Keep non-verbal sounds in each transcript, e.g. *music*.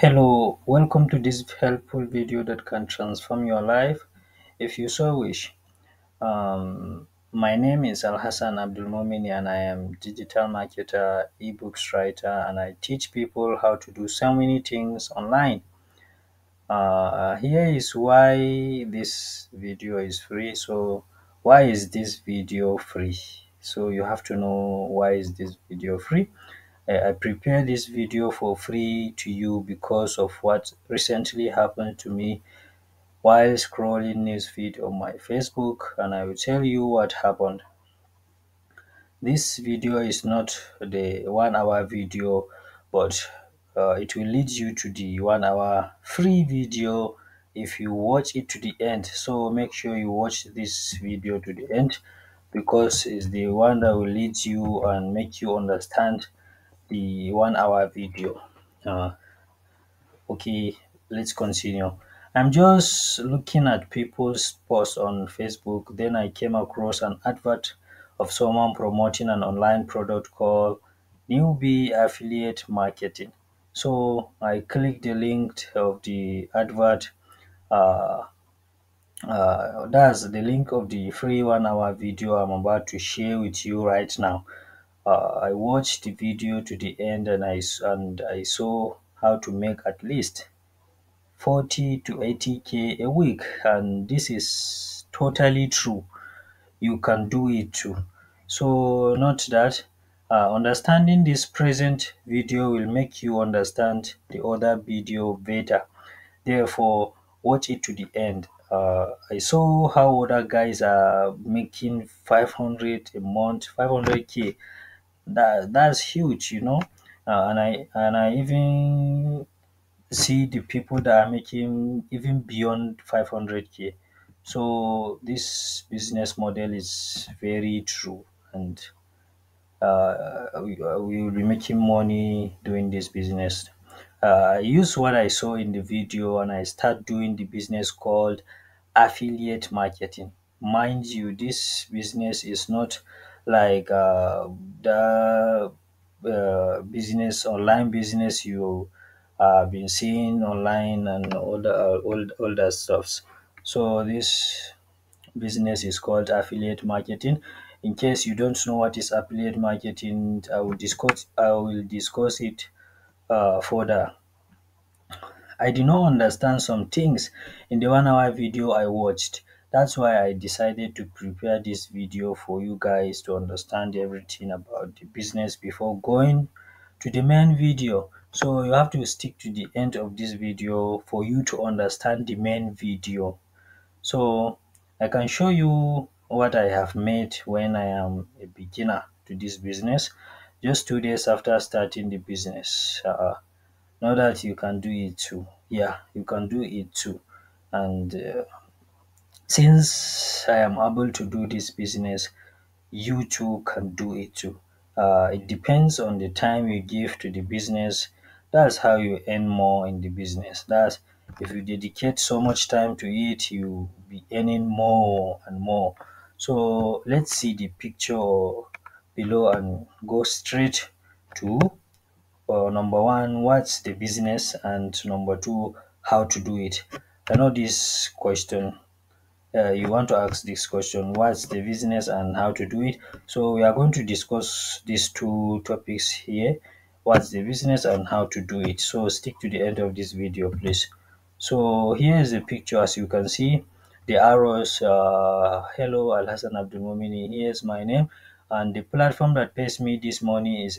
Hello, welcome to this helpful video that can transform your life if you so wish. Um, my name is Al Hassan Abdul Momini, and I am digital marketer, ebooks writer, and I teach people how to do so many things online. Uh, here is why this video is free. So, why is this video free? So you have to know why is this video free. I prepare this video for free to you because of what recently happened to me while scrolling news feed on my Facebook and I will tell you what happened. This video is not the one hour video but uh, it will lead you to the one hour free video if you watch it to the end so make sure you watch this video to the end because it's the one that will lead you and make you understand the one hour video. Uh, okay, let's continue. I'm just looking at people's posts on Facebook. Then I came across an advert of someone promoting an online product called Newbie Affiliate Marketing. So I clicked the link of the advert. Uh, uh, that's the link of the free one hour video I'm about to share with you right now uh, I watched the video to the end and I and I saw how to make at least 40 to 80k a week and this is totally true you can do it too so note that uh, understanding this present video will make you understand the other video better therefore watch it to the end uh, i saw how other guys are making 500 a month 500k that that's huge you know uh, and i and i even see the people that are making even beyond 500k so this business model is very true and uh, we, uh, we will be making money doing this business uh, i use what i saw in the video and i start doing the business called affiliate marketing mind you this business is not like uh, the uh, business online business you uh, been seeing online and all the uh, all, all stuffs so this business is called affiliate marketing in case you don't know what is affiliate marketing i will discuss i will discuss it uh, further i did not understand some things in the one hour video i watched that's why I decided to prepare this video for you guys to understand everything about the business before going to the main video. So you have to stick to the end of this video for you to understand the main video. So I can show you what I have made when I am a beginner to this business just two days after starting the business. Uh, now that you can do it too. Yeah, you can do it too. And uh, since I am able to do this business, you too can do it too. Uh, it depends on the time you give to the business. That's how you earn more in the business. That's if you dedicate so much time to it, you be earning more and more. So let's see the picture below and go straight to uh, number one, what's the business, and number two, how to do it. I know this question uh, you want to ask this question what's the business and how to do it so we are going to discuss these two topics here what's the business and how to do it so stick to the end of this video please so here is a picture as you can see the arrows uh, hello al hassan abdul momini here's my name and the platform that pays me this money is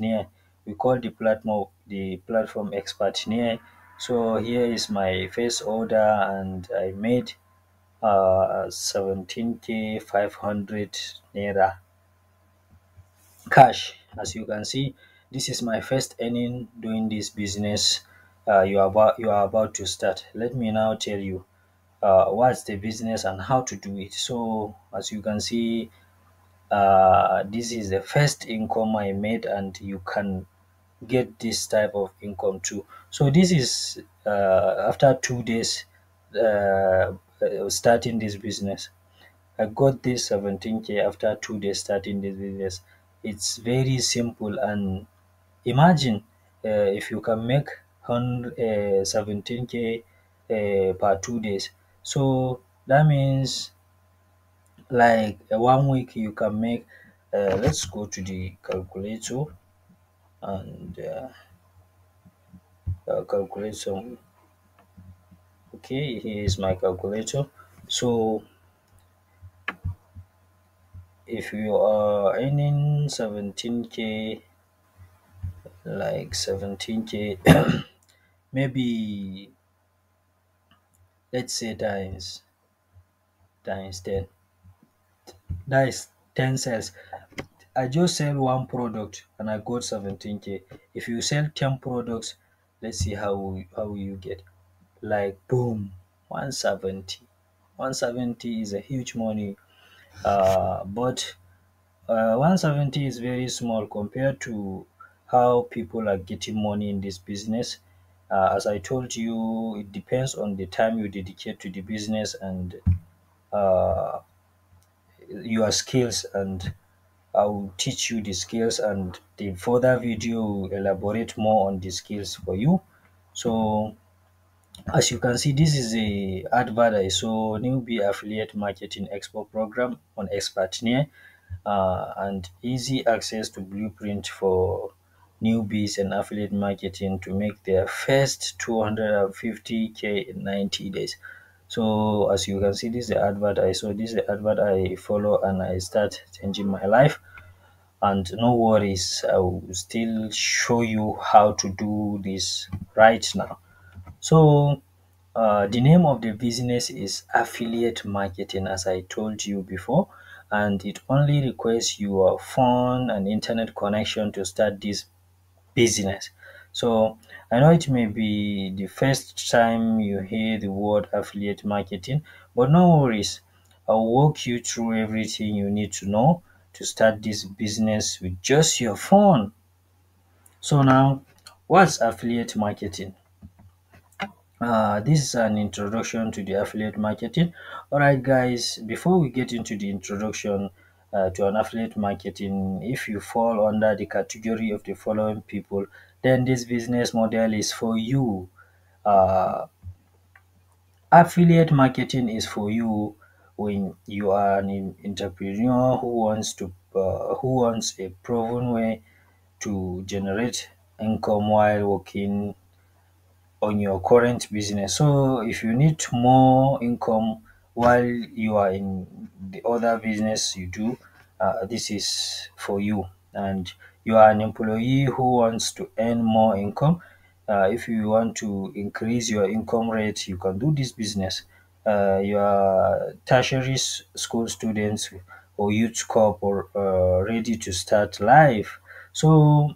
near we call the platform the platform expertnear so here is my first order and i made uh, 17,500 naira cash. As you can see, this is my first earning doing this business. Uh, you are about you are about to start. Let me now tell you uh, what's the business and how to do it. So as you can see, uh, this is the first income I made, and you can get this type of income too. So this is uh, after two days uh, uh, starting this business. I got this 17k after two days starting this business. It's very simple and imagine uh, if you can make 17k uh, uh, per two days. So that means like uh, one week you can make. Uh, let's go to the calculator and uh, calculate some okay here's my calculator so if you are earning 17k like 17k *coughs* maybe let's say times times 10 that is 10 sales i just sell one product and i got 17k if you sell 10 products let's see how how you get like boom 170 170 is a huge money uh, but uh, 170 is very small compared to how people are getting money in this business uh, as i told you it depends on the time you dedicate to the business and uh, your skills and i will teach you the skills and the further video will elaborate more on the skills for you so as you can see, this is a advert I saw newbie affiliate marketing expo program on Expertnear uh, and easy access to blueprint for newbies and affiliate marketing to make their first 250k in 90 days. So as you can see, this is the advert I saw. This is the advert I follow and I start changing my life and no worries i will still show you how to do this right now so uh, the name of the business is affiliate marketing, as I told you before, and it only requires your phone and internet connection to start this business. So I know it may be the first time you hear the word affiliate marketing, but no worries. I'll walk you through everything you need to know to start this business with just your phone. So now, what's affiliate marketing? Uh, this is an introduction to the affiliate marketing all right guys before we get into the introduction uh, to an affiliate marketing if you fall under the category of the following people then this business model is for you uh, affiliate marketing is for you when you are an entrepreneur who wants to uh, who wants a proven way to generate income while working on your current business. So if you need more income while you are in the other business you do, uh, this is for you. And you are an employee who wants to earn more income. Uh, if you want to increase your income rate, you can do this business. Uh, are tertiary school students or youth corp or uh, ready to start life. So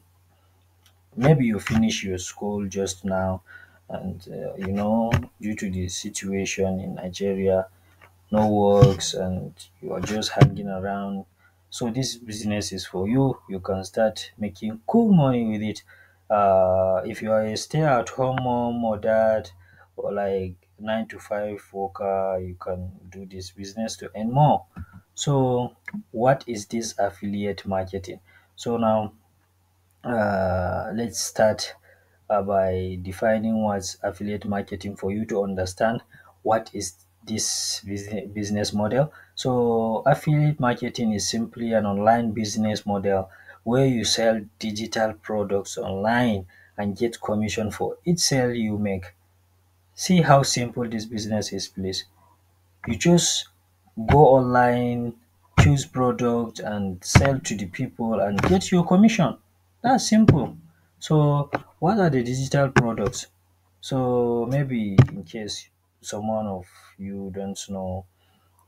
maybe you finish your school just now and uh, you know due to the situation in nigeria no works and you are just hanging around so this business is for you you can start making cool money with it uh if you are a stay at home mom or dad or like nine to five worker you can do this business to earn more so what is this affiliate marketing so now uh let's start uh, by defining what's affiliate marketing for you to understand what is this business model. So affiliate marketing is simply an online business model where you sell digital products online and get commission for each sale you make. See how simple this business is, please. You just go online, choose product and sell to the people and get your commission. That's simple. So, what are the digital products? So, maybe in case someone of you don't know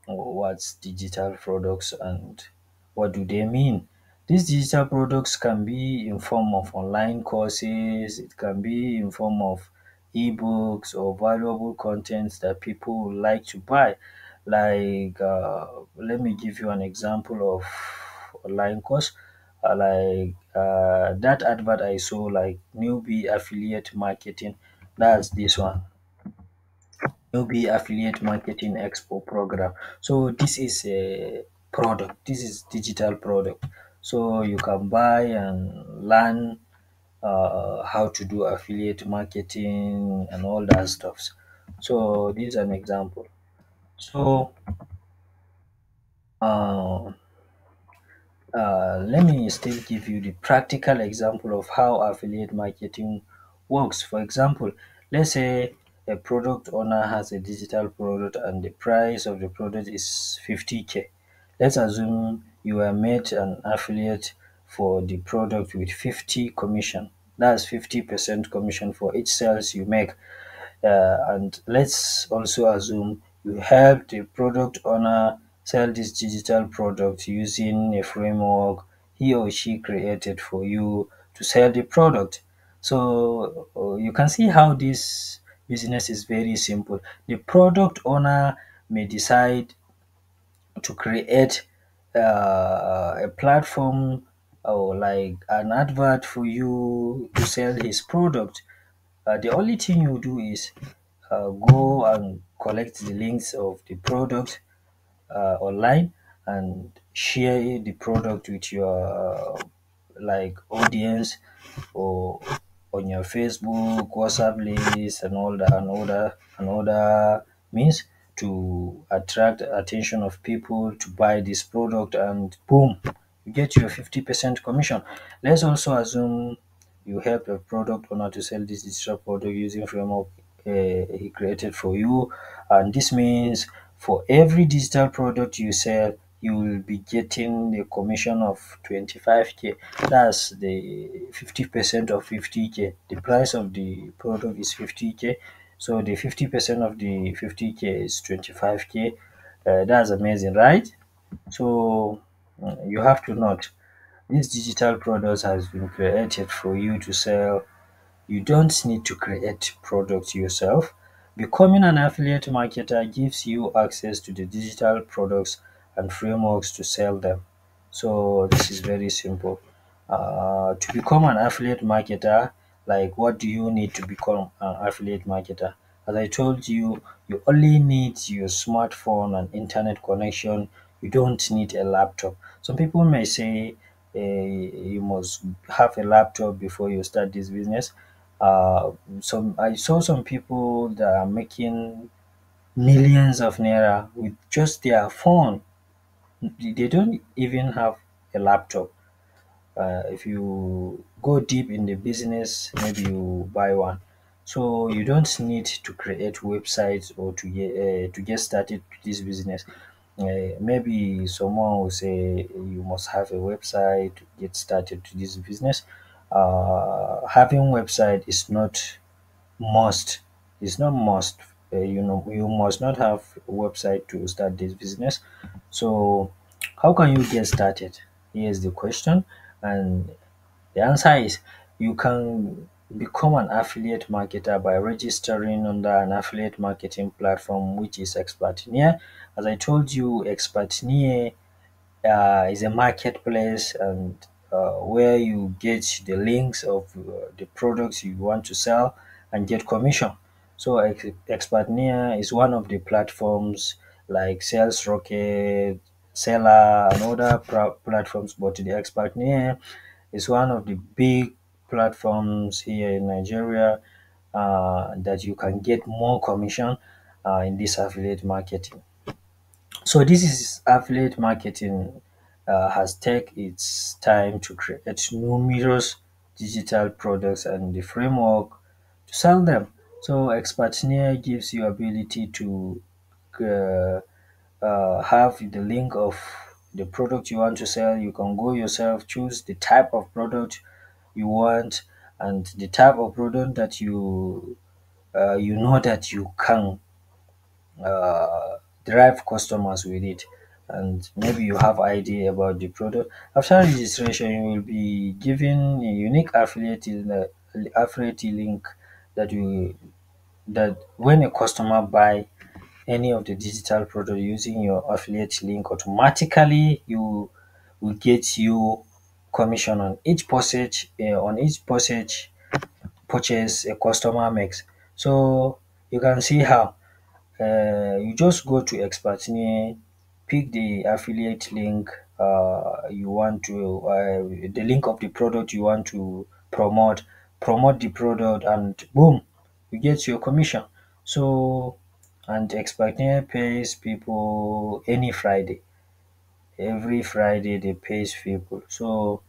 what's digital products and what do they mean. These digital products can be in form of online courses, it can be in form of ebooks or valuable contents that people like to buy. Like, uh, let me give you an example of online course. Uh, like uh, that advert I saw, like newbie affiliate marketing. That's this one. Newbie affiliate marketing expo program. So this is a product. This is digital product. So you can buy and learn uh, how to do affiliate marketing and all that stuff. So this is an example. So. Uh, uh, let me still give you the practical example of how affiliate marketing works. For example, let's say a product owner has a digital product and the price of the product is 50k. Let's assume you are made an affiliate for the product with 50 commission. That's 50% commission for each sales you make. Uh, and let's also assume you help the product owner Sell this digital product using a framework he or she created for you to sell the product. So uh, you can see how this business is very simple. The product owner may decide to create uh, a platform or like an advert for you to sell his product. Uh, the only thing you do is uh, go and collect the links of the product uh, online and share the product with your uh, like audience or on your Facebook, WhatsApp list, and all that, and all that, and other means to attract attention of people to buy this product, and boom, you get your fifty percent commission. Let's also assume you help a product owner to sell this digital product using framework uh, he created for you, and this means for every digital product you sell, you will be getting a commission of 25k. That's the 50% of 50k. The price of the product is 50k. So the 50% of the 50k is 25k. Uh, that's amazing, right? So mm, you have to note this digital product has been created for you to sell. You don't need to create products yourself. Becoming an affiliate marketer gives you access to the digital products and frameworks to sell them. So this is very simple. Uh, to become an affiliate marketer, like what do you need to become an affiliate marketer? As I told you, you only need your smartphone and internet connection. You don't need a laptop. Some people may say uh, you must have a laptop before you start this business. Uh, some I saw some people that are making millions of naira with just their phone. They don't even have a laptop. Uh, if you go deep in the business, maybe you buy one. So you don't need to create websites or to get uh, to get started this business. Uh, maybe someone will say you must have a website to get started to this business uh, having website is not must it's not must uh, you know you must not have a website to start this business so how can you get started here's the question and the answer is you can become an affiliate marketer by registering under an affiliate marketing platform which is expertnia as i told you expertnia uh, is a marketplace and uh, where you get the links of uh, the products you want to sell and get commission. So Ex- Expertnia is one of the platforms like Sales Rocket, Seller, and other pra- platforms. But the Expertnia is one of the big platforms here in Nigeria uh, that you can get more commission uh, in this affiliate marketing. So this is affiliate marketing uh, has taken its time to create numerous digital products and the framework to sell them. So Expertnia gives you ability to uh, uh, have the link of the product you want to sell. You can go yourself, choose the type of product you want and the type of product that you uh, you know that you can uh, drive customers with it and maybe you have idea about the product. After registration, you will be given a unique affiliate affiliate link that you that when a customer buy any of the digital product using your affiliate link, automatically you will get you commission on each purchase uh, eh, on each purchase purchase a customer makes. So you can see how uh, you just go to Expertini pick the affiliate link uh, you want to uh, the link of the product you want to promote promote the product and boom you get your commission so and expatriate pays people any friday every friday they pays people so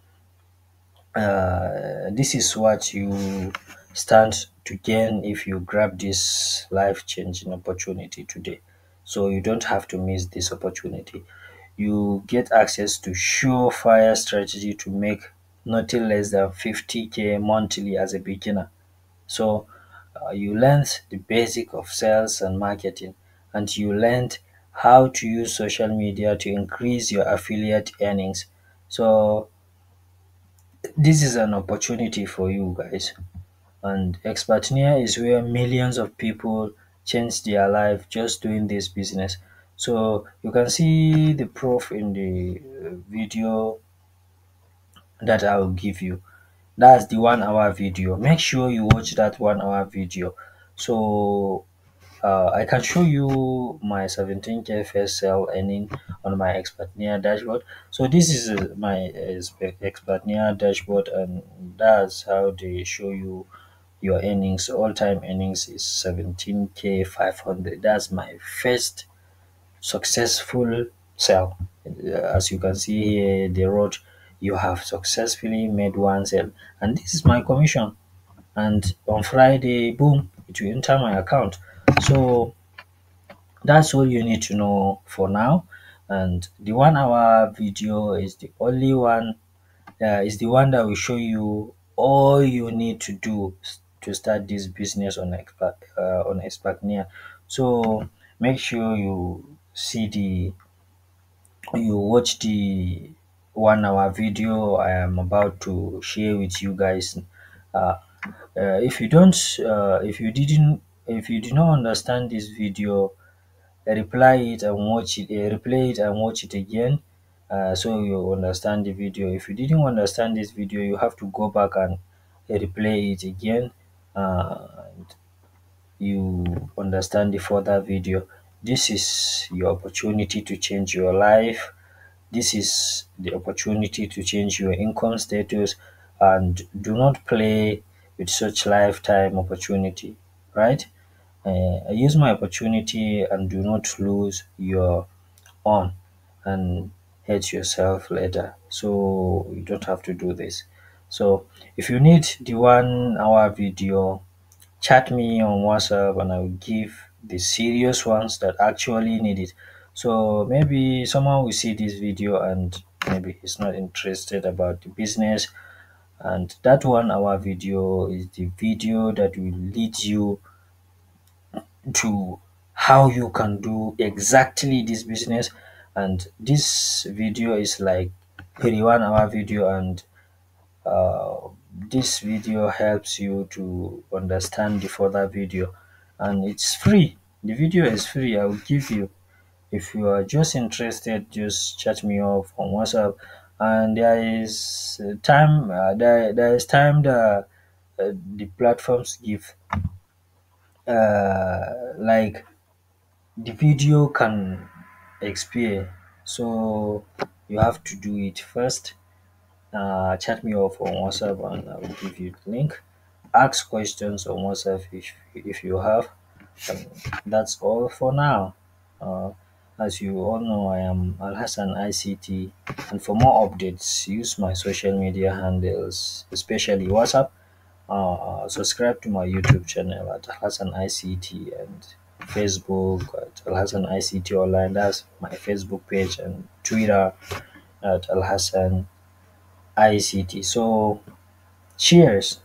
uh, this is what you stand to gain if you grab this life changing opportunity today so you don't have to miss this opportunity. You get access to surefire strategy to make nothing less than 50k monthly as a beginner. So uh, you learned the basic of sales and marketing and you learned how to use social media to increase your affiliate earnings. So this is an opportunity for you guys. And Expertnia is where millions of people change their life just doing this business. So you can see the proof in the uh, video that I will give you. That's the one hour video. Make sure you watch that one hour video. So uh, I can show you my 17k first sale earning on my Expertnia dashboard. So this is uh, my uh, expert Expertnia dashboard and that's how they show you your earnings all-time earnings is 17k 500 that's my first successful sell uh, as you can see here the road you have successfully made one sale and this is my commission and on friday boom it will enter my account so that's all you need to know for now and the one hour video is the only one uh, is the one that will show you all you need to do to start this business on expat uh, on Expatnia. So make sure you see the you watch the one hour video I am about to share with you guys. Uh, uh, if you don't, uh, if you didn't, if you do not understand this video, reply it and watch it. Uh, replay it and watch it again, uh, so you understand the video. If you didn't understand this video, you have to go back and replay it again and you understand the further video. This is your opportunity to change your life. This is the opportunity to change your income status and do not play with such lifetime opportunity, right? Uh, use my opportunity and do not lose your own and hate yourself later. So you don't have to do this. So if you need the one hour video, chat me on WhatsApp and I'll give the serious ones that actually need it. So maybe someone will see this video and maybe he's not interested about the business and that one hour video is the video that will lead you to how you can do exactly this business and this video is like 31 hour video and uh, this video helps you to understand the further video and it's free the video is free i will give you if you are just interested just chat me off on whatsapp and there is time uh, there, there is time that uh, the platforms give uh, like the video can expire so you have to do it first uh, chat me off on WhatsApp and I will give you the link. Ask questions on WhatsApp if, if you have. And that's all for now. Uh, as you all know, I am Al Hassan ICT, and for more updates, use my social media handles, especially WhatsApp. Uh, subscribe to my YouTube channel at Al Hassan ICT and Facebook at Al Hassan ICT Online. That's my Facebook page and Twitter at Al Hassan ICT. So, cheers.